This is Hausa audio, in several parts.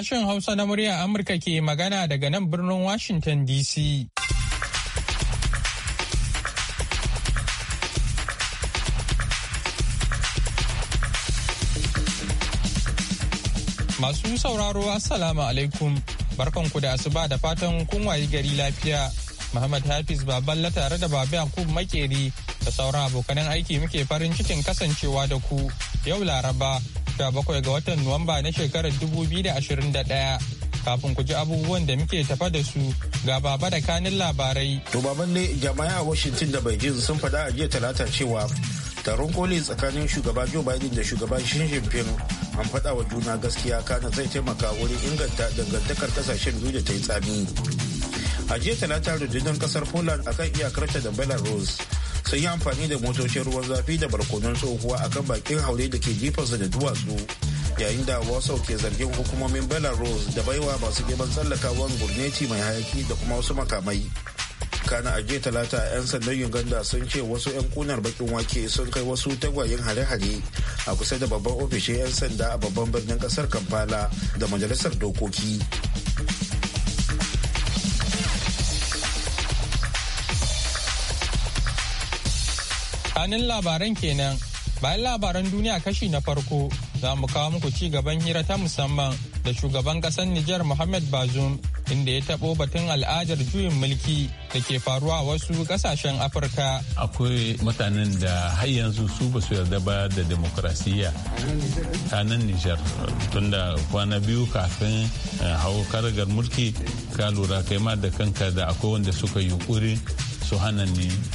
Sashen Hausa na murya Amurka ke magana daga nan birnin Washington DC. Masu sauraro Assalamu alaikum barkanku da asuba da fatan kun gari lafiya. Muhammad Hafiz Baballa tare da Babi Yakub Makeri da sauran abokanan aiki muke farin cikin kasancewa da ku yau Laraba 17 ga watan Nuwamba na shekarar 2021. Kafin ku ji abubuwan da muke tafa da su ga baba da kanin labarai. To baban ne jama'a a Washington da Beijing sun faɗa a jiya talata cewa taron koli tsakanin shugaba Joe Biden da shugaba Xi Jinping an faɗa wa juna gaskiya kana zai taimaka wurin inganta dangantakar kasashen biyu da ta yi tsami. A jiya talata rundunar kasar Poland akan iyakarta da Belarus sun yi amfani da motocin ruwan zafi da barkonon tsohuwa a kan bakin haure da ke jifarsa da duwatsu yayin da wasau ke zargin hukumomin belarus da baiwa masu neman tsallakawan gurneti mai hayaki da kuma wasu makamai kana a jiya talata 'yan sandan uganda sun ce wasu 'yan kunar bakin wake sun kai wasu tagwayen hare-hare a kusa da babban ofishin 'yan sanda a babban birnin kasar kampala da majalisar dokoki tsakanin labaran kenan bayan labaran duniya kashi na farko za mu kawo muku ci gaban hira ta musamman da shugaban kasar Nijar Mohammed Bazoum inda ya taɓo batun al'adar juyin mulki da ke faruwa a wasu kasashen Afirka. Akwai mutanen da har yanzu su ba su yarda ba da demokrasiya ta nan Nijar tunda kwana biyu kafin eh, hau karagar mulki ka lura kai ma da kanka da akwai wanda suka yi ƙuri. su hana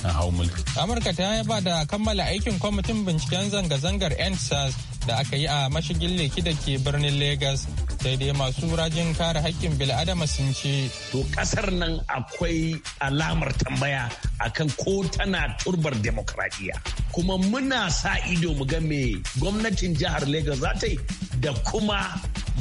a hau mulki. Amurka ta yi ba da kammala aikin kwamitin binciken zanga-zangar NSAS da aka yi a mashigin leki da ke birnin Legas sai dai masu rajin kare haƙƙin bil'adama sun ce. To ƙasar nan akwai alamar tambaya akan ko tana turbar demokradiyya. Kuma muna sa ido mu ga me gwamnatin jihar Legas za ta yi da kuma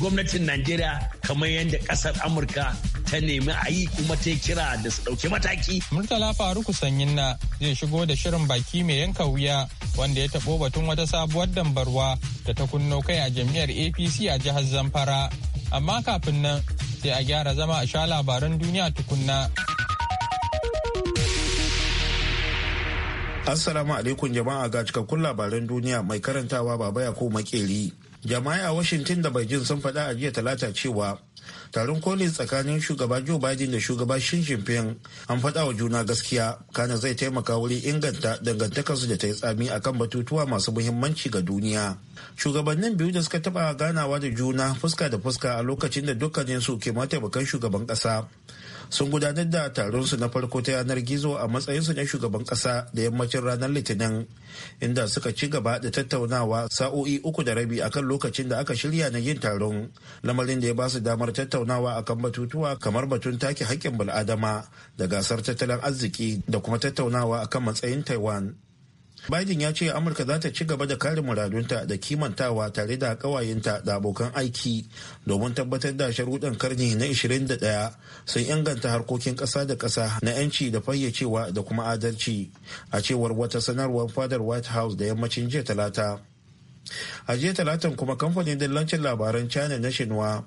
gwamnatin Najeriya kamar yadda ƙasar Amurka ta nemi a yi kuma ta kira da su ɗauki mataki. Murtala Faruku Sanyin na zai shigo da shirin baki mai yanka wuya wanda ya taɓo batun wata sabuwar dambarwa da ta kunno kai a jami'ar APC a jihar Zamfara. Amma kafin nan sai a gyara zama a sha labaran duniya tukunna. Assalamu alaikum jama'a ga cikakkun labaran duniya mai karantawa baba ya ko makeri. jama'ai a washington da beijing sun faɗa a jiya talata cewa taron koli tsakanin shugaba joe biden da shugaba xi jinping an faɗa wa juna gaskiya kana zai taimaka wurin inganta dangantakarsu da ta yi tsami akan batutuwa masu muhimmanci ga duniya shugabannin biyu da suka taɓa ganawa da juna fuska da fuska a lokacin da dukkaninsu ke mataimakan shugaban ƙasa sun gudanar da taronsu na farko ta yanar gizo a matsayinsu na shugaban kasa da yammacin ranar litinin inda suka ci gaba da tattaunawa sa'o'i uku da rabi akan lokacin da aka shirya na yin taron lamarin da ya ba su damar tattaunawa akan batutuwa kamar batun take haƙƙin bil'adama da gasar tattalin arziki da kuma tattaunawa akan matsayin taiwan Biden ya ce Amurka za ta ci gaba da kare muradunta da kimantawa tare da kawayenta da abokan aiki domin tabbatar da sharuɗan karni na 21 sun inganta harkokin ƙasa da ƙasa na 'yanci da fayyacewa da kuma adalci a cewar wata sanarwar fadar White House da yammacin jiya talata. a jiya talatan kuma kamfanin dillancin labaran china na shinwa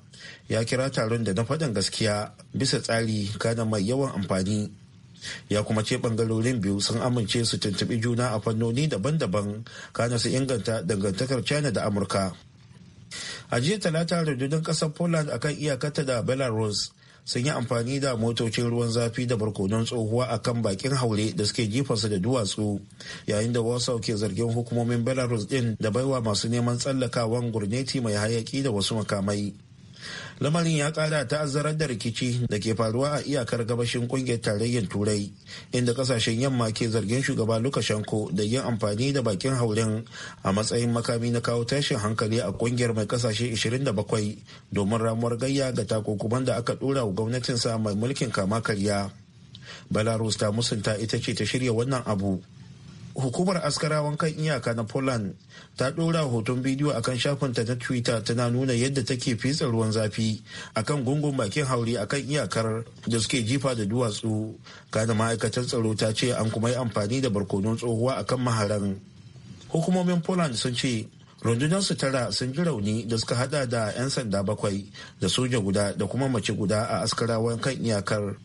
ya kira taron da na faɗin gaskiya bisa tsari kana mai yawan amfani ya kuma ce bangarorin biyu sun amince su tuntuɓi juna a fannoni daban-daban kana su inganta dangantakar china da amurka a jiya talata rundunar ƙasar poland akan iyakarta da belarus sun yi amfani da motocin ruwan zafi da barkonon tsohuwa a kan bakin haure da suke jifarsa da duwatsu yayin da wasau ke zargin hukumomin belarus din da baiwa masu neman tsallakawan gurneti mai hayaki da wasu makamai lamarin ya kara ta'azzarar da rikici da ke faruwa a iyakar gabashin kungiyar tarayyar turai inda kasashen yamma ke zargin shugaba lukashenko da yin amfani da bakin hauren a matsayin makami na kawo tashin hankali a kungiyar mai kasashe 27 domin ramuwar gayya ga takunkuman da aka dora wa gwamnatinsa mai mulkin kama karya belarus ta musunta ita ce ta shirya wannan abu hukumar askarawan kan iyaka na poland ta ɗora hoton bidiyo akan shafinta na twitter tana nuna yadda take fitsa ruwan zafi akan gungun bakin haure akan iyakar da suke jifa da duwatsu kana ma'aikatar tsaro ta ce an kuma yi amfani da barkonon tsohuwa akan maharan hukumomin poland sun ce rundunar su tara sun ji rauni da suka hada da 'yan sanda bakwai da soja guda da kuma mace guda a askarawan kan iyakar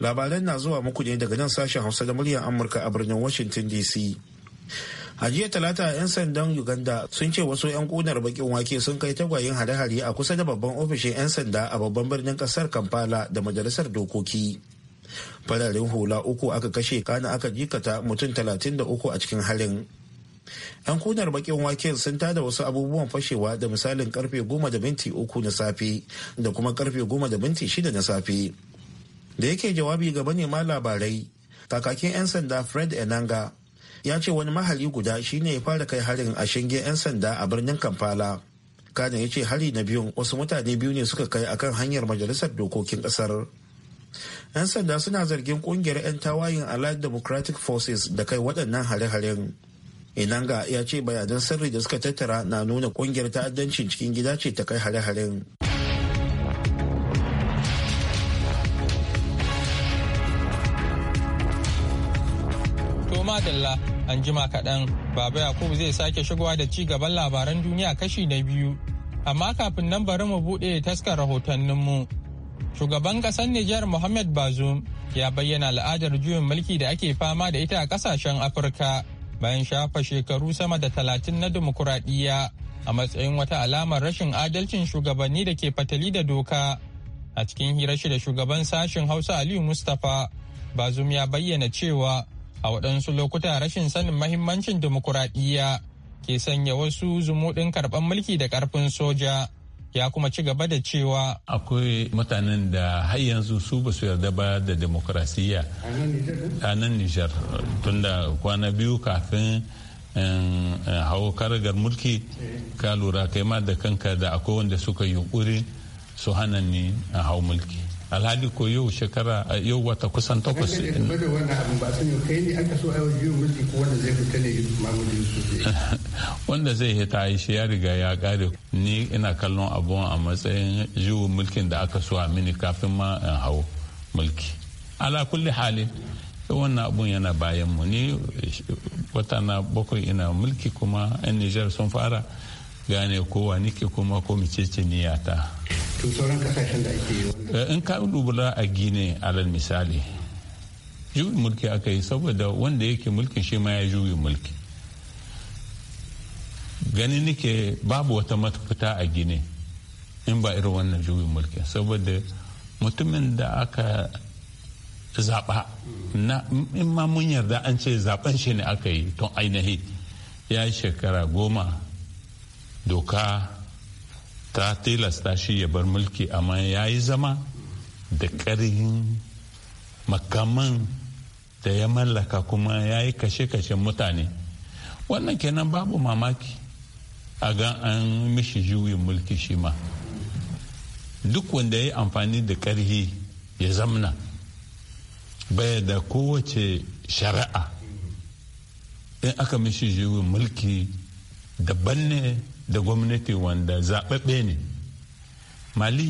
labaran na zuwa muku ne daga nan sashen hausa da muryar amurka a birnin washington dc a jiya talata 'yan sandan uganda sun ce wasu 'yan kunar bakin wake sun kai tagwayin hare-hare a kusa da babban ofishin 'yan sanda a babban birnin kasar kampala da majalisar dokoki fararen hula uku aka kashe kana aka jikata mutum talatin da uku a cikin harin 'yan kunar bakin waken sun tada wasu abubuwan fashewa da misalin karfe goma da minti uku na safe da kuma karfe goma da minti shida na safe da yake jawabi ga ma labarai kakakin 'yan sanda fred enanga ya ce wani mahali guda shine ya fara kai harin a shinge 'yan sanda a birnin kampala kana ya ce hari na biyun wasu mutane biyu ne suka kai akan hanyar majalisar dokokin kasar 'yan sanda suna zargin kungiyar 'yan tawayin allied democratic forces da kai waɗannan hare-haren inanga ya ce bayanan sirri da suka tattara na nuna kungiyar ta'addancin cikin gida ce ta kai hare-haren madalla an jima kaɗan baba yakubu zai sake shigowa da ci gaban labaran duniya kashi na biyu amma kafin nan bari mu buɗe taskar mu. shugaban ƙasar nijar muhammad bazoum ya bayyana al'adar juyin mulki da ake fama da ita a ƙasashen afirka bayan shafa shekaru sama da talatin na dimokuraɗiyya a matsayin wata alamar rashin adalcin shugabanni da ke fatali da doka a cikin hirar shi da shugaban sashen hausa aliyu mustapha bazum ya bayyana cewa a waɗansu lokuta rashin sanin mahimmancin dimokuraɗiyya ke sanya wasu zumuɗin karɓar mulki da ƙarfin soja ya kuma ci gaba da cewa akwai mutanen da har yanzu su ba su yarda ba da demokrasiyya a nan nijar tunda kwana biyu kafin hau karagar mulki ka lura kai ma da kanka da akwai wanda suka yi yunkuri su hana ni a hau mulki alhali ko yau shekara yau wata kusan takwas wanda zai hita yi ya riga ya kare ni ina kallon abuwan a matsayin juyin mulkin da aka so a mini kafin ma in hau mulki ala kulli halin wannan abun yana bayan mu ni wata na bakwai ina mulki kuma yan nijar sun fara gane kowa nike kuma ko ce niyata to sauran kasashen da ake yi eh, in ka dubula a gine alal misali juyin mulki aka yi saboda wanda yake mulkin shi ma ya juyi mulki gani nake babu wata matafita a gine in ba irin wannan juyin mulki saboda mutumin da aka zaɓa in ma mun yarda an ce zaben shi ne aka yi tun ainihi ya yi shekara goma doka ta tilasta shi ya bar mulki amma ya yi zama da ƙarhin makaman da ya mallaka kuma ya yi kashe kashe mutane wannan kenan babu mamaki a ga an mishi juyin mulki shi ma duk wanda ya yi amfani da ƙarhi ya zamna bai da kowace shari'a in aka mishi juyin mulki daban ne da gwamnati wanda zaɓaɓɓe ne mali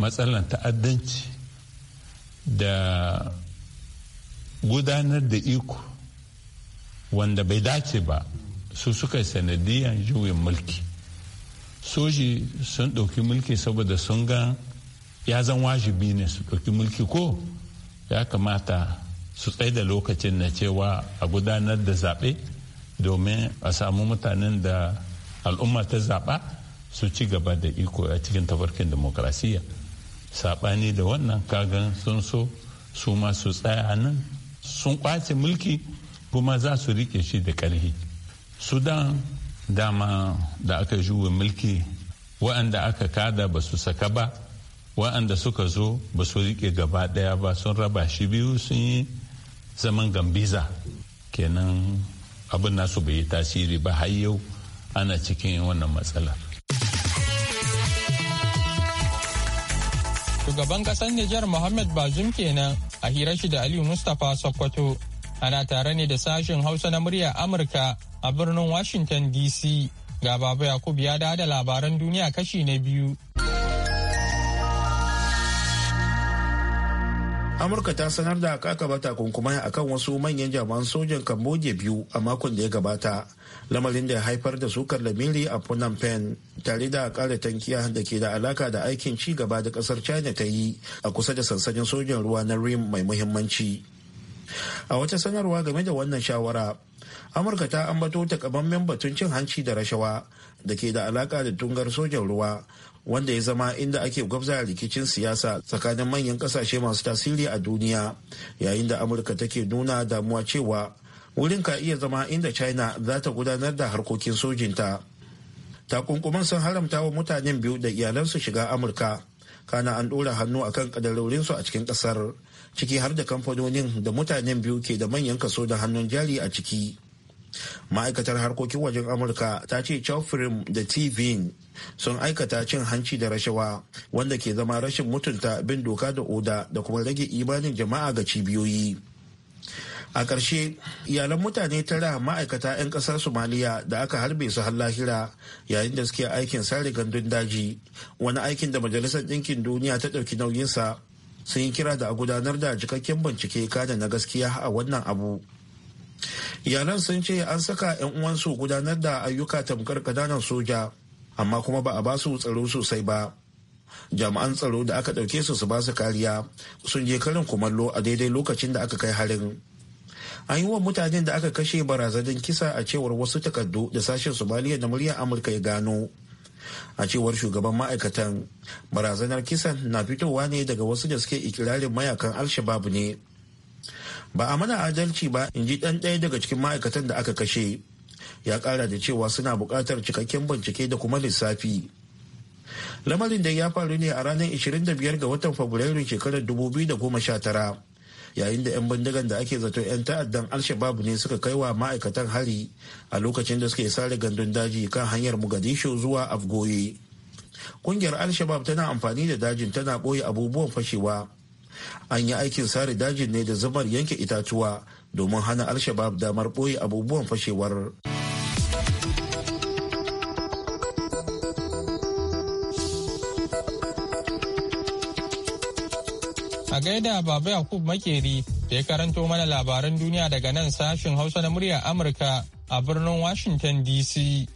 matsalar ta'addanci da gudanar da iko wanda bai dace ba su suka yi sanadiyan juyin mulki soji sun ɗauki mulki saboda sun ga ya zan wajibi ne su ɗauki mulki ko ya kamata su tsaye da lokacin na cewa a gudanar da zaɓe domin a samu mutanen da al'umma ta zaɓa su ci gaba da iko a cikin tafarkin demokrasiyya saɓani da wannan kagan sun so su ma su tsaya nan sun kwace mulki kuma za su rike shi da ƙarfi sudan dama da aka juwa mulki wa'anda aka kada ba su saka ba wa'anda suka zo ba su rike gaba ɗaya ba sun raba shi biyu sun yi zaman gambiza kenan abin nasu bai yi tasiri ba har yau ana cikin wannan matsalar. Shugaban ƙasar Nijar Mohammed Bazum kenan a hira shi da Aliyu Mustapha Sokoto. Ana tare ne da sashen Hausa na murya Amurka a birnin Washington DC. Ga Baba Yakub ya da labaran duniya kashi na biyu. amurka ta sanar da kakaba takunkumai kan wasu manyan jaman sojan cambodia biyu a makon da ya gabata lamarin da ya haifar da sukar lamiri a phnom penh tare da kare tankiya da ke da alaka da aikin ci gaba da kasar china ta yi a kusa da sansanin sojan ruwa na rim mai muhimmanci a wata sanarwa game da wannan shawara amurka ta ambato takamammen batun cin hanci da rashawa da ke da alaka da tungar sojan ruwa wanda ya zama inda ake gwabza rikicin siyasa tsakanin manyan kasashe masu tasiri a duniya yayin da amurka take nuna damuwa cewa wurin ka iya zama inda china za ta gudanar da harkokin sojinta takunkuman sun haramta wa mutanen biyu da iyalansu shiga amurka kana an ɗora hannu akan kadarorinsu a cikin ƙasar ciki har da kamfanonin da mutanen biyu ke da manyan kaso da hannun jari a ciki ma'aikatar harkokin wajen amurka ta ce chowfrim da tv sun aikata cin hanci da rashawa wanda ke zama rashin mutunta bin doka da oda da kuma rage imanin jama'a ga cibiyoyi a ƙarshe iyalan mutane tara ma'aikata 'yan ƙasar somaliya da aka harbe su har lahira yayin da suke aikin sare gandun daji wani aikin da majalisar ɗinkin duniya ta ɗauki nauyinsa sun yi kira da a gudanar da cikakken bincike kada na gaskiya a wannan abu Iyalan sun ce an saka 'yan uwansu gudanar da ayyuka tamkar kadanan soja, amma kuma ba a ba tsaro sosai ba. Jami'an tsaro da aka ɗauke su su ba kariya sun je karin kumallo a daidai lokacin da aka kai harin. An yi wa mutanen da aka kashe barazanin kisa a cewar wasu takardu da sashen Somaliya da muryar Amurka ya gano. a cewar shugaban ma'aikatan barazanar kisan na fitowa ne daga wasu da suke ikirarin mayakan alshabab ne ba a mana adalci ba in ji ɗan ɗaya daga cikin ma'aikatan da aka kashe ya ƙara da cewa suna buƙatar cikakken bincike da kuma lissafi lamarin da ya faru ne a ranar 25 ga watan fabrairu shekarar 2019 yayin da 'yan bindigan da ake zato 'yan ta'addan alshabab ne suka kai wa ma'aikatan hari a lokacin da suke sare gandun daji kan hanyar mogadishu zuwa afgoye kungiyar alshabab tana amfani da dajin tana ɓoye abubuwan fashewa an yi aikin sare dajin ne da zubar yanke itatuwa domin hana alshabab damar ɓoye abubuwan fashewar a gaida baba yakub makeri da ya karanto mana labaran duniya daga nan sashen hausa na murya amurka a birnin washington dc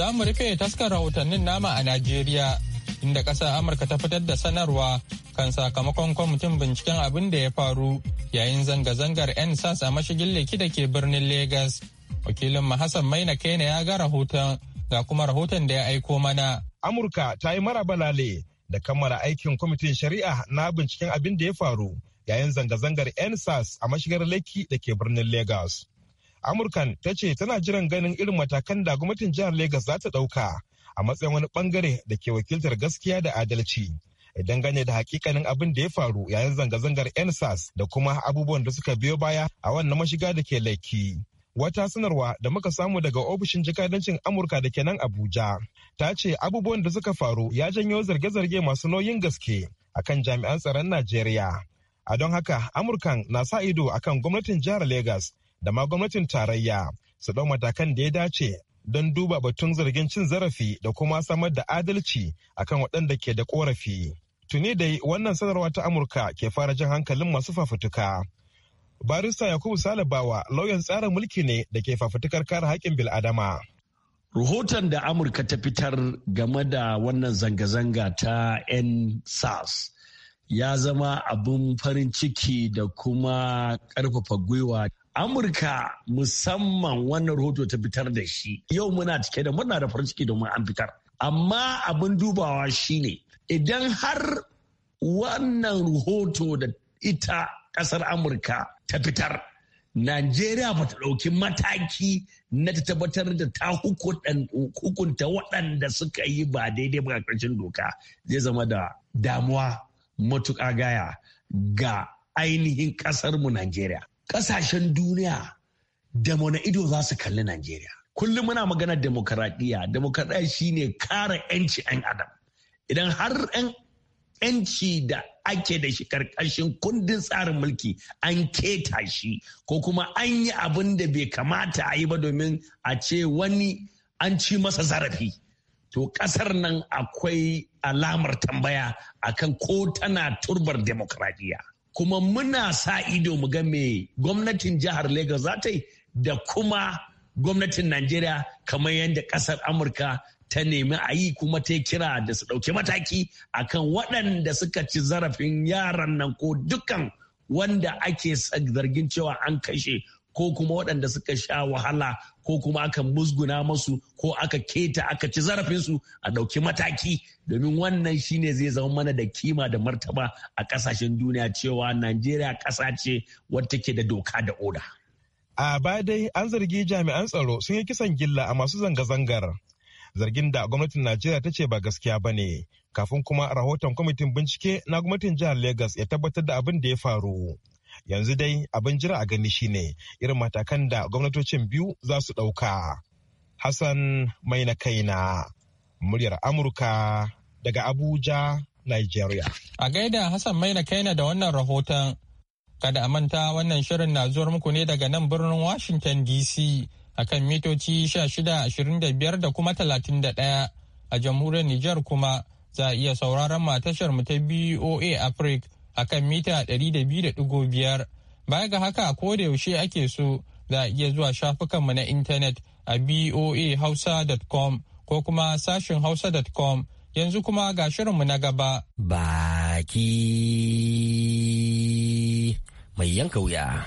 Za mu rufe taskar rahotannin nama a Najeriya inda ƙasar Amurka ta fitar da sanarwa kan sakamakon kwamitin binciken abin da ya faru yayin zanga-zangar 'yan sas a mashigin leki da ke birnin Legas. Wakilin Hassan Maina Kena ya ga rahoton ga kuma rahoton da ya aiko mana. Amurka ta yi mara balale da kammala aikin kwamitin shari'a na binciken abin da ya faru yayin zanga-zangar 'yan sas a mashigar leki da ke birnin Legas. amurkan ta ce tana jiran ganin irin matakan da gwamnatin jihar Legas za ta ɗauka a matsayin wani bangare da ke wakiltar gaskiya da adalci idan gane da hakikanin abin da ya faru yayin zanga-zangar nsas da kuma abubuwan da suka biyo baya a wannan mashiga da ke laiki. wata sanarwa da muka samu daga ofishin jikadancin amurka da ke nan abuja ta ce abubuwan da suka faru ya janyo zarge-zarge masu nauyin gaske a kan jami'an tsaron najeriya a don haka amurkan na sa ido akan gwamnatin jihar Legas da ma gwamnatin tarayya su ɗau matakan da ya dace don duba batun zargin cin zarafi da kuma samar da adalci akan waɗanda ke da ƙorafi. Tuni dai wannan sanarwa ta Amurka ke fara jan hankalin masu fafutuka. Barista Yakubu Salabawa lauyan tsarin mulki ne da ke fafutukar kare haƙƙin bil'adama. Rahoton da Amurka ta fitar game da wannan zanga-zanga ta 'yan ya zama abin farin ciki da kuma ƙarfafa gwiwa Amurka musamman wannan rahoto ta fitar da shi yau muna cike da muna da farin ciki domin an fitar. Amma abin dubawa shine idan har wannan rahoto da ita ƙasar Amurka ta fitar, Najeriya ba ta ɗauki mataki na ta tabbatar da ta hukunta waɗanda suka yi ba daidai ba ƙarshen doka zai zama da damuwa matuƙa gaya ga ainihin ƙasarmu Najeriya. ƙasashen duniya da mana ido za su kalli Najeriya. Kullum muna magana demokaradiyya, demokaradiyya shine kare 'yanci 'yan adam. Idan har 'yanci da ake da shi karkashin kundin tsarin mulki an keta shi ko kuma an yi abin da bai kamata a yi ba domin a ce wani an ci masa zarafi. To ƙasar nan akwai alamar tambaya akan ko tana turbar demokaradiyya. kuma muna sa ido mu ga me gwamnatin jihar Lagos za ta yi da kuma gwamnatin Najeriya kamar yadda ƙasar Amurka ta nemi a yi kuma ta kira da su ɗauki mataki akan waɗanda suka ci zarafin yaran nan ko dukan wanda ake zargin cewa an kashe ko kuma waɗanda suka sha wahala ko kuma aka musguna masu ko aka keta aka ci zarafinsu a ɗauki mataki domin wannan shine zai zama mana da kima da martaba a ƙasashen duniya cewa najeriya ƙasa ce wadda ke da doka da oda. a baya dai an zargi jami'an tsaro sun yi kisan gilla a masu zanga-zangar zargin da gwamnatin najeriya ta ce ba gaskiya ba ne kafin kuma rahoton kwamitin bincike na gwamnatin jihar Legas ya tabbatar da abin da ya faru yanzu dai abin jira a gani shine irin matakan da gwamnatocin biyu za su ɗauka hassan mai na kaina muryar amurka daga abuja nigeria a gaida hassan mai na kaina da wannan rahoton kada a manta wannan shirin na zuwar muku ne daga nan birnin washington dc akan mitoci 1625 da kuma 31 a jamhuriyar Nijar kuma za a iya sauraron matashar mu ta boa africa a kan mita 200.5 baya ga haka ko da yaushe ake so za a iya zuwa shafukanmu na intanet a boahausa.com ko kuma sashin hausa.com yanzu kuma ga shirinmu na gaba. Baki mai yanka wuya.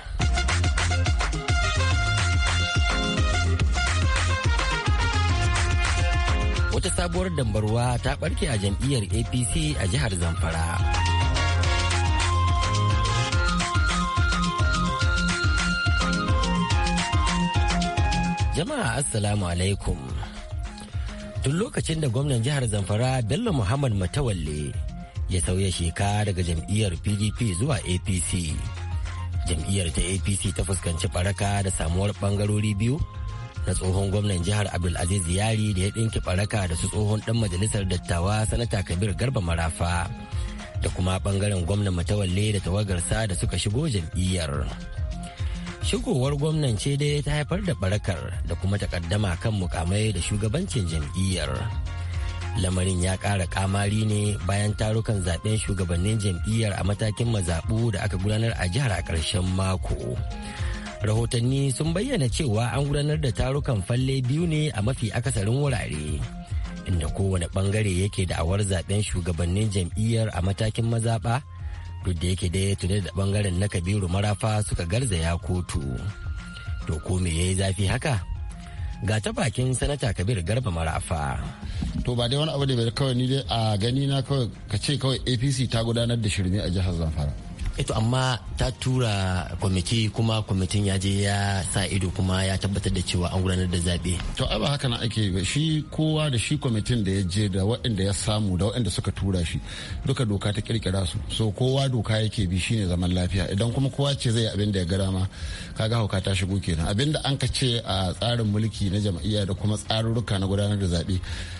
Wata sabuwar dambarwa ta ɓarke a jam'iyyar APC a jihar Zamfara. Jama'a Assalamu alaikum. Tun lokacin da gwamnan jihar Zamfara Bello Muhammad Matawalle ya sauya sheka daga jam'iyyar PDP zuwa APC. Jam'iyyar ta APC ta fuskanci ɓaraka da samuwar bangarori biyu na tsohon gwamnan jihar Abdulaziz Yari da ya ɗinki baraka da su tsohon ɗan majalisar dattawa Sanata Kabir Garba Marafa da kuma bangaren gwamnan Matawalle da tawagarsa da suka shigo jam'iyyar. Shigowar gwamnan ce dai ta haifar da barakar da kuma takaddama kan mukamai da shugabancin jam'iyyar. Lamarin ya ƙara kamari ne bayan tarukan zaben shugabannin jam'iyyar a matakin mazaɓu da aka gudanar a jihar a ƙarshen mako. Rahotanni sun bayyana cewa an gudanar da tarukan falle biyu ne a mafi akasarin wurare. inda kowane bangare yake da awar zaben shugabannin jam'iyyar a matakin mazaɓa duk da yake dai tuni da bangaren na kabiru marafa suka garzaya kotu to ko me yayi zafi haka ga ta bakin sanata kabir garba marafa to ba dai wani abu da bai kawai ni dai a gani na kawai ka ce kawai apc ta gudanar da shirme a jihar zamfara eto eh, amma ta tura kwamiti kuma kwamitin ya je ya sa ido kuma ya tabbatar da cewa an gudanar da zaɓe. to ai haka na ake ba shi kowa da shi kwamitin da ya je da waɗanda ya samu da waɗanda suka tura shi duka doka ta kirkira su so kowa doka yake bi shine zaman lafiya idan kuma kowa ce zai abin da ya gara ma kaga hauka ta shigo kenan abin da an ka ce a tsarin mulki na jam'iyya da kuma tsarurruka na gudanar da zaɓe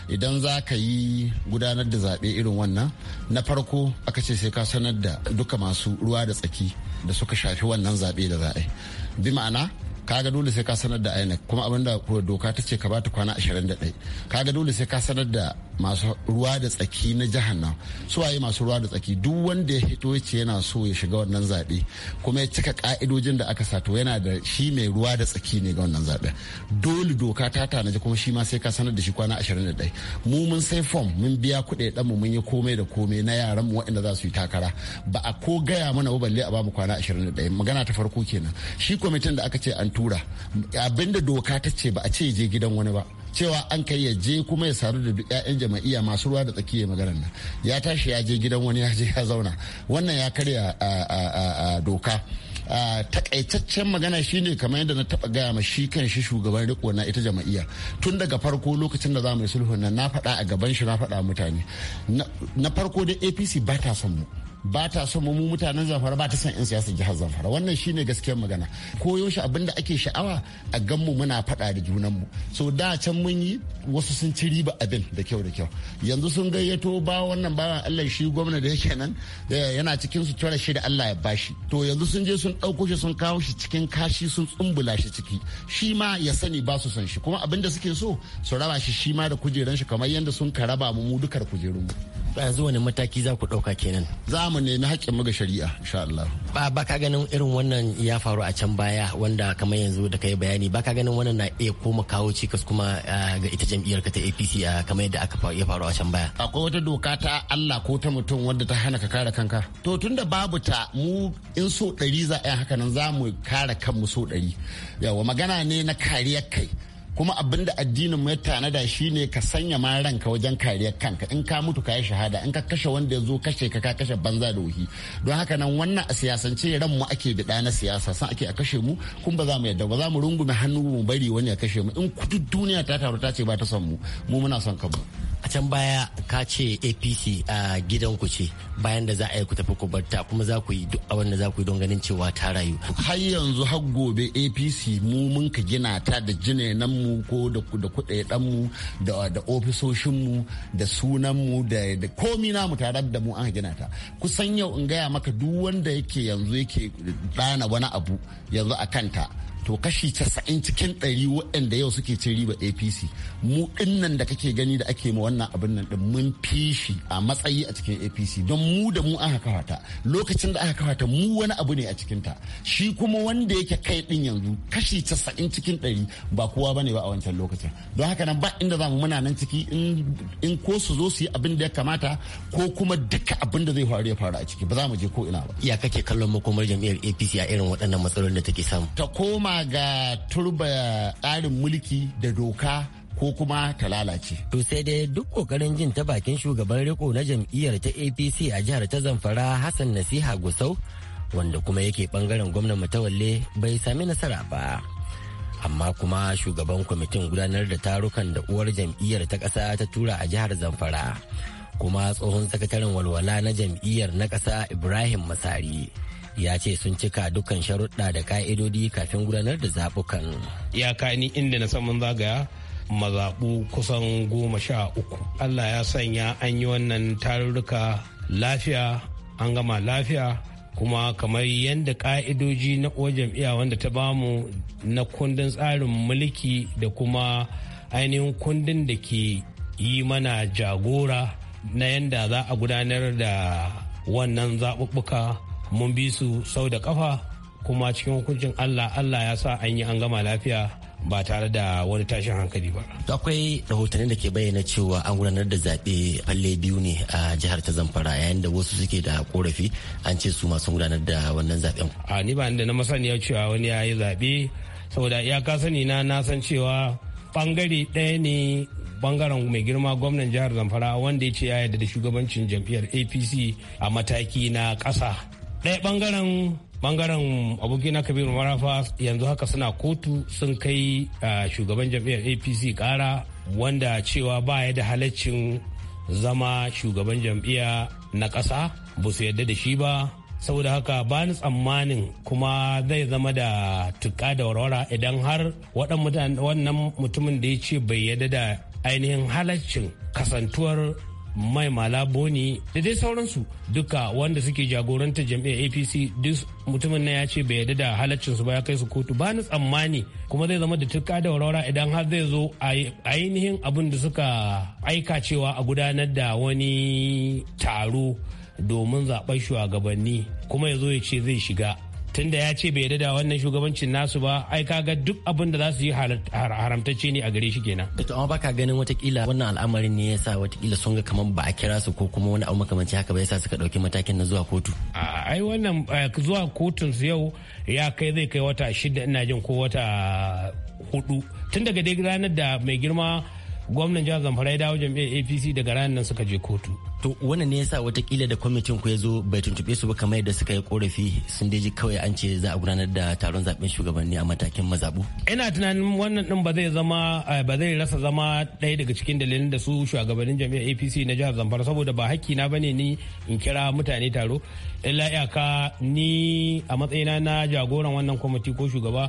idan za ka yi gudanar da zaɓe irin wannan na farko aka ce sai ka sanar da duka masu ruwa da tsaki da suka shafi wannan zaɓe da zaɓe yi bi ma'ana kaga dole sai ka sanar da INEC kuma abinda doka ta ce ka bata kwana 21 kaga dole sai ka sanar da masu ruwa da tsaki na jihar nan su waye masu ruwa da tsaki duk wanda ya hito ce yana so ya shiga wannan zaɓe kuma ya cika ka'idojin da aka sato yana da shi mai ruwa da tsaki ne ga wannan zaɓe dole doka ta tanaji kuma shi ma sai ka sanar da shi kwana 21 mu mun sai fom mun biya kuɗaɗen mu mun yi komai da komai na yaran mu waɗanda za su yi takara ba a ko gaya mana ba balle a ba mu kwana 21 magana ta farko kenan shi kwamitin da aka ce an tura abinda doka ta ce ba a ce je gidan wani ba cewa an kai ya je kuma ya sadu da duk 'ya'yan jama'iya masu ruwa da tsakiyar magana nan ya tashi ya je gidan wani ya je ya zauna wannan ya karya a doka takaitaccen magana shine kamar yadda na taba gaya ma shi kan shi shugaban riko na ita jama'iya tun daga farko lokacin da za mu yi sulhu nan na faɗa a gaban shi na faɗa mutane na farko dai apc ba ta son mu ba ta son mu mutanen zamfara ba ta son 'yan siyasar jihar zamfara wannan shine gaskiyar magana ko yaushe abin da ake sha'awa a gan mu muna faɗa da junan mu so da can mun yi wasu sun ci riba abin da kyau da kyau yanzu sun gayyato ba wannan bawan allah shi gwamna da yake nan yana cikin su tura shi da allah ya bashi to yanzu sun je sun ɗauko shi sun kawo shi cikin kashi sun tsumbula shi ciki shi ma ya sani ba su son shi kuma abin da suke so su raba shi shi ma da kujeran shi kamar yadda sun ka raba mu mu dukar kujerun mu Zuwa ne mataki za ku ɗauka kenan. Za mu nemi haƙƙin muga shari'a insha Allah. Ba ba ka ganin irin wannan ya faru a can baya wanda kamar yanzu da kai bayani ba ka ganin wannan na iya koma kawo cikas kuma ga ita jam'iyyar ka ta APC kamar yadda aka ya faru a can baya. Akwai wata doka ta Allah ko ta mutum wanda ta hana ka kare kanka. To tunda babu ta mu in so ɗari za a yi haka nan za mu kare kanmu so ɗari. Yawa magana ne na kariyar kai. kuma abin da addinin mu ya tanada ne ka sanya ma ranka wajen kariyar kanka in ka mutu ka yi shahada in ka kashe wanda ya zo kashe ka ka kashe banza da wuhi don haka nan wannan a siyasance ran mu ake bida na siyasa san ake a kashe mu kun ba za mu yadda ba za mu rungume hannu mu bari wani ya kashe mu in kudu duniya ta taru ta ce ba ta son mu mu muna son kanmu a can baya ka ce apc a gidanku ce bayan da za a yi ku tafi ku barta kuma za ku yi abin da za ku yi don ganin cewa ta rayu har yanzu har gobe apc mu mun ka gina ta da nan mu ko da dan mu da ofisoshin mu da sunan mu da komi namu tare da mu an gina ta kusan yau in gaya maka duk wanda yake yanzu yake ɗana wani abu yanzu a kanta to kashi casa'in cikin ɗari waɗanda yau suke cin riba apc mu ɗinnan da kake gani da ake ma wannan abin nan ɗin mun fi shi a matsayi a cikin apc don mu da mu aka kawata lokacin da aka kawata mu wani abu ne a cikin ta shi kuma wanda yake kai ɗin yanzu kashi casa'in cikin ɗari ba kowa ba ne ba a wancan lokacin don haka nan ba inda zamu muna nan ciki in ko su zo su yi abin da ya kamata ko kuma duka abin da zai faru ya faru a ciki ba za mu je ko ina ba ya kake kallon makomar jami'ar apc a irin waɗannan matsalolin da take samu ta koma ga turba tsarin mulki da doka ko kuma ta lalace. To sai dai duk kokarin jin ta bakin shugaban riko na jam'iyyar ta APC a jihar ta Zamfara Hassan Nasiha Gusau wanda kuma yake bangaren gwamnan mutawalle bai sami nasara ba. Amma kuma shugaban kwamitin gudanar da tarukan da uwar jam'iyyar ta ƙasa ta tura a jihar Zamfara. Kuma tsohon sakataren walwala na jam'iyyar na ƙasa Ibrahim Masari. ya ce sun cika dukkan sharuɗa da ka'idodi kafin gudanar da zaɓukan. Ya ni inda na saman zagaya mazaɓu kusan goma sha uku. Allah ya sanya an yi wannan tarurruka lafiya an gama lafiya kuma kamar yadda ka'idoji na uwar jam'iyya wanda ta bamu na kundin tsarin mulki da kuma ainihin kundin da ke yi mana jagora na yadda za a gudanar da wannan zaɓuɓɓuka mun bi su sau da kafa kuma cikin hukuncin allah allah ya sa an yi an gama lafiya ba tare da wani tashin hankali ba. Akwai rahotanni da ke bayyana cewa an gudanar da zaɓe falle biyu ne a jihar ta Zamfara yayin da wasu suke da korafi an ce su masu gudanar da wannan zaɓen. A ni ba da na masaniya cewa wani ya yi zaɓe saboda iyaka sani na na san cewa bangare ɗaya ne bangaren mai girma gwamnan jihar Zamfara wanda ya ce ya yarda da shugabancin jam'iyyar APC a mataki na ƙasa. ɗaya ɓangaren bangaren abokina kabiru marafa yanzu haka suna kotu sun kai shugaban jam'iyyar apc ƙara wanda cewa baya da halaccin zama shugaban jam'iyya na ƙasa ba su yadda da shi ba saboda haka ba ni tsammanin kuma zai zama da tuka da warwara idan har wannan mutumin da ya ce bai yadda da ainihin halaccin kasantuwar mai malaboni da dai sauransu duka wanda suke jagorantar jam'iyyar apc duk mutumin na ya ce bai yarda da halaccinsu ba ya kai su kotu ba ni tsammani kuma zai zama da tuka da warwara idan har zai zo ainihin abin da suka aika cewa a gudanar da wani taro domin zaɓen shugabanni kuma ya zo ya ce zai shiga tunda ya ce bai da wannan shugabancin nasu ba ai kaga duk abin da za su yi haramtacce ne a gare shi kenan to amma baka ganin watakila wannan al'amarin ne yasa watakila sun ga kaman ba a kira su ko kuma wani abu makamanci haka ba yasa suka dauki matakin na zuwa kotu ai wannan zuwa kotun su yau ya kai zai kai wata shida ina jin ko wata hudu tun daga dai ranar da mai girma gwamnan jihar zamfara ya dawo jam'iyyar apc daga ranar nan suka je kotu to wannan ne yasa watakila da kwamitin ku ya zo bai tuntube su ba kamar yadda suka yi korafi sun ji kawai an ce za a gudanar da taron zaben shugabanni a matakin mazabu ina tunanin wannan din ba zai zama eh, ba zai rasa zama ɗaya daga cikin dalilin da su shugabannin jami'ar APC na jihar Zamfara saboda ba hakki na bane ni in kira mutane taro illa iyaka ni a matsayina na jagoran wannan kwamiti ko shugaba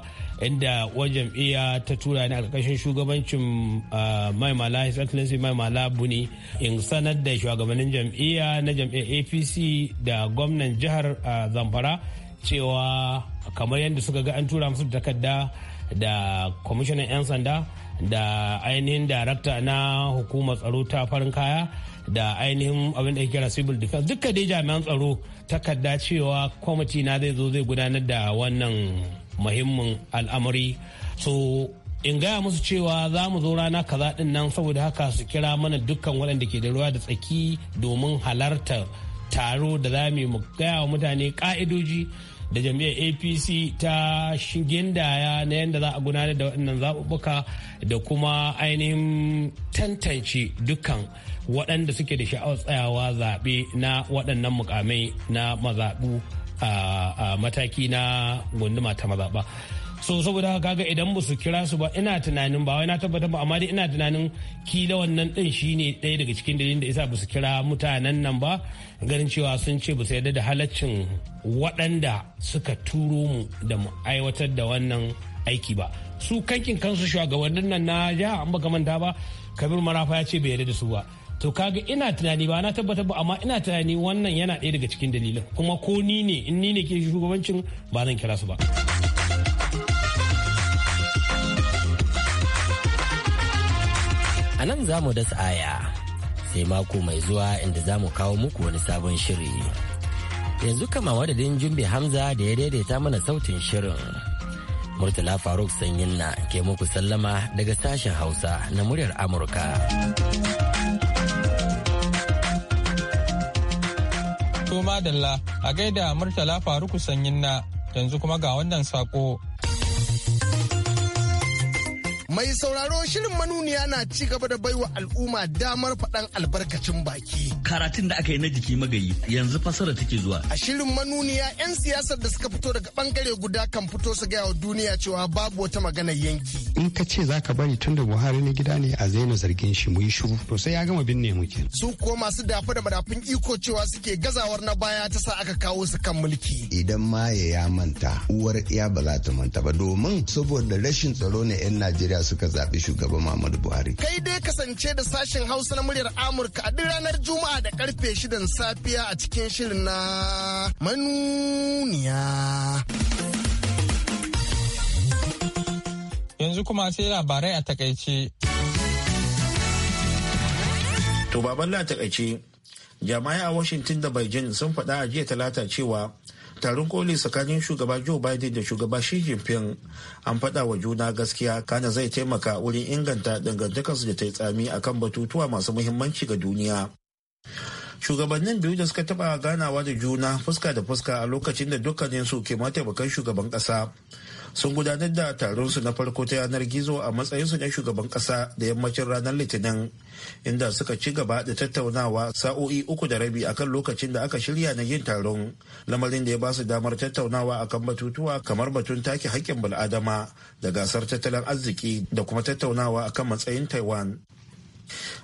inda wa jam'iyya ta tura ni a ƙarƙashin shugabancin eh, maimala his maimala buni in sanar da shugabannin shugabannin jam'iyya na jam'iyyar apc da gwamnan jihar zamfara cewa kamar yadda suka ga an tura musu takarda da kwamishinan 'yan sanda da ainihin darakta na hukumar tsaro ta farin kaya da ainihin abin da ake kira civil defense duka dai jami'an tsaro takarda cewa kwamiti na zai zo zai gudanar da wannan muhimmin al'amari so in gaya musu cewa za mu zo rana kaza din nan saboda haka su kira mana dukkan waɗanda ke da ruwa da tsaki domin halartar taro da za mu gaya wa mutane ka'idoji da jam'i'ar apc ta shigindaya na yadda za a gudanar da waɗannan zaɓuɓɓuka da kuma ainihin tantance dukkan waɗanda suke da sha'awar tsayawa zaɓe na waɗannan mukamai na mazaɓu a mataki na gunduma ta mazaɓa so saboda kaga idan ba su kira su ba ina tunanin ba wai na tabbatar ba amma dai ina tunanin kila wannan din shine ɗaya daga cikin dalilin da yasa ba su kira mutanen nan ba ganin cewa sun ce ba su yarda da halaccin waɗanda suka turo mu da mu aiwatar da wannan aiki ba su kankin kansu shugabannin nan na ja an baka manta ba kabir marafa ya ce bai yarda da su ba to kaga ina tunani ba na tabbatar ba amma ina tunani wannan yana ɗaya daga cikin dalilin kuma ko ni ne in ni ne ke shugabancin ba zan kira su ba. anan nan za mu dasa aya sai mako mai zuwa inda za mu kawo muku wani sabon shiri yanzu kama wadadin jumbe hamza da ya daidaita mana sautin shirin murtala faruk sanyin na ke muku sallama daga sashen hausa na muryar amurka to Dalla, a gaida murtala faruk sanyin na yanzu kuma ga wannan sako Mai sauraro shirin manuniya na ci gaba da baiwa al'umma damar faɗan albarkacin baki. Karatun da aka yi na jiki magayi yanzu fasara take zuwa. A shirin manuniya 'yan siyasar da suka fito daga bangare guda kan fito su gaya wa duniya cewa babu wata magana yanki. In ka ce za ka bari tun da Buhari na gida ne a zaina zargin shi mu yi shiru to sai ya gama binne mu ke. Su ko masu dafa da madafin iko cewa suke gazawar na baya ta sa aka kawo su kan mulki. Idan ma ya manta uwar ya ba za ta manta ba domin saboda rashin tsaro ne 'yan Najeriya suka zaɓi shugaban Muhammadu Buhari. Kai dai kasance da sashen Hausa na muryar Amurka a duk ranar Juma'a da karfe shidan safiya a cikin shirin na manuniya. Yanzu kuma sai labarai a takaice. To baban la takaice, jama'a a Washington da Beijing sun faɗa a jiya talata cewa taron koli tsakanin shugaba joe biden da shugaba shi jinping an faɗa wa juna gaskiya kana zai taimaka wurin inganta dangantakarsu da ta yi tsami a kan batutuwa masu muhimmanci ga duniya shugabannin biyu da suka taba ganawa da juna fuska da fuska a lokacin da dukkaninsu ke mataimakan shugaban kasa sun gudanar da taronsu na farko ta yanar gizo a matsayinsu na shugaban kasa da yammacin ranar litinin inda suka ci gaba da tattaunawa sa'o'i uku da rabi akan lokacin da aka shirya na yin taron lamarin da ya ba su damar tattaunawa akan batutuwa kamar batun take haƙƙin bil'adama da gasar tattalin arziki da kuma tattaunawa akan matsayin taiwan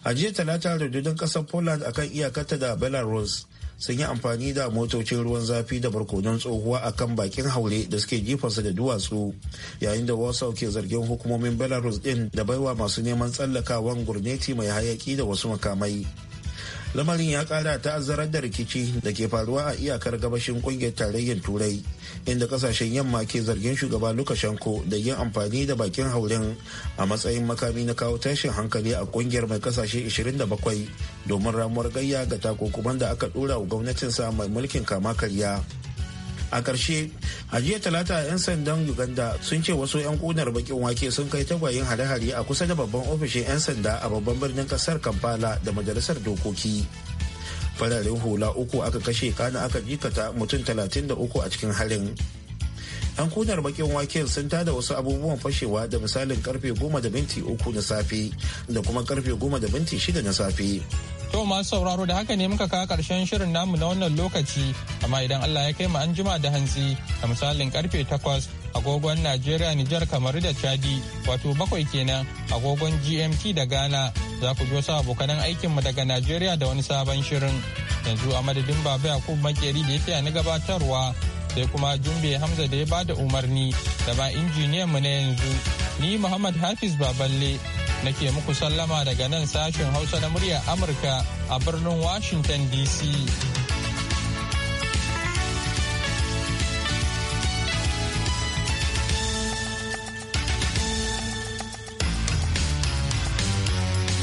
a jiya talata rundunar kasar poland akan iyakarta da belarus sun yi amfani da motocin ruwan zafi da barkonon tsohuwa a kan bakin haure da suke jifarsa da duwatsu yayin da wasau ke zargin hukumomin belarus din da baiwa masu neman tsallakawan gurneti mai hayaki da wasu makamai lamarin ya kara ta'azzarar da rikici da ke faruwa a iyakar gabashin kungiyar tarayyar turai inda kasashen yamma ke zargin shugaba lukashenko da yin amfani da bakin haurin a matsayin makami na kawo tashin hankali a kungiyar mai kasashe 27 domin ramuwar gayya ga takunkuman da aka dora wa gwamnatinsa mai mulkin kama karya a ƙarshe a jiya talata 'yan sandan uganda sun ce wasu 'yan kunar bakin wake sun kai tagwayin hare-hare a kusa da babban ofishin 'yan sanda a babban birnin kasar kampala da majalisar dokoki fararen hula uku aka kashe kana aka jikata mutum 33 a cikin harin 'yan kunar bakin waken sun tada wasu abubuwan fashewa da misalin karfe goma da minti uku na safe da kuma karfe goma da minti shida na safe. To masu sauraro da haka ne muka kawo karshen shirin namu na wannan lokaci amma idan Allah ya kai mu an jima da hantsi da misalin karfe takwas agogon Najeriya Nijar kamar da Chadi wato bakwai kenan agogon GMT da Ghana za ku biyo sa abokanan aikinmu daga Najeriya da wani sabon shirin yanzu a madadin Baba Yakubu Makeri da ya ni gabatarwa sai kuma jumbe hamza da ya ba da umarni da ba injiniyan mu na yanzu ni muhammad hafiz baballe nake muku sallama daga nan sashen hausa na murya amurka a birnin washington dc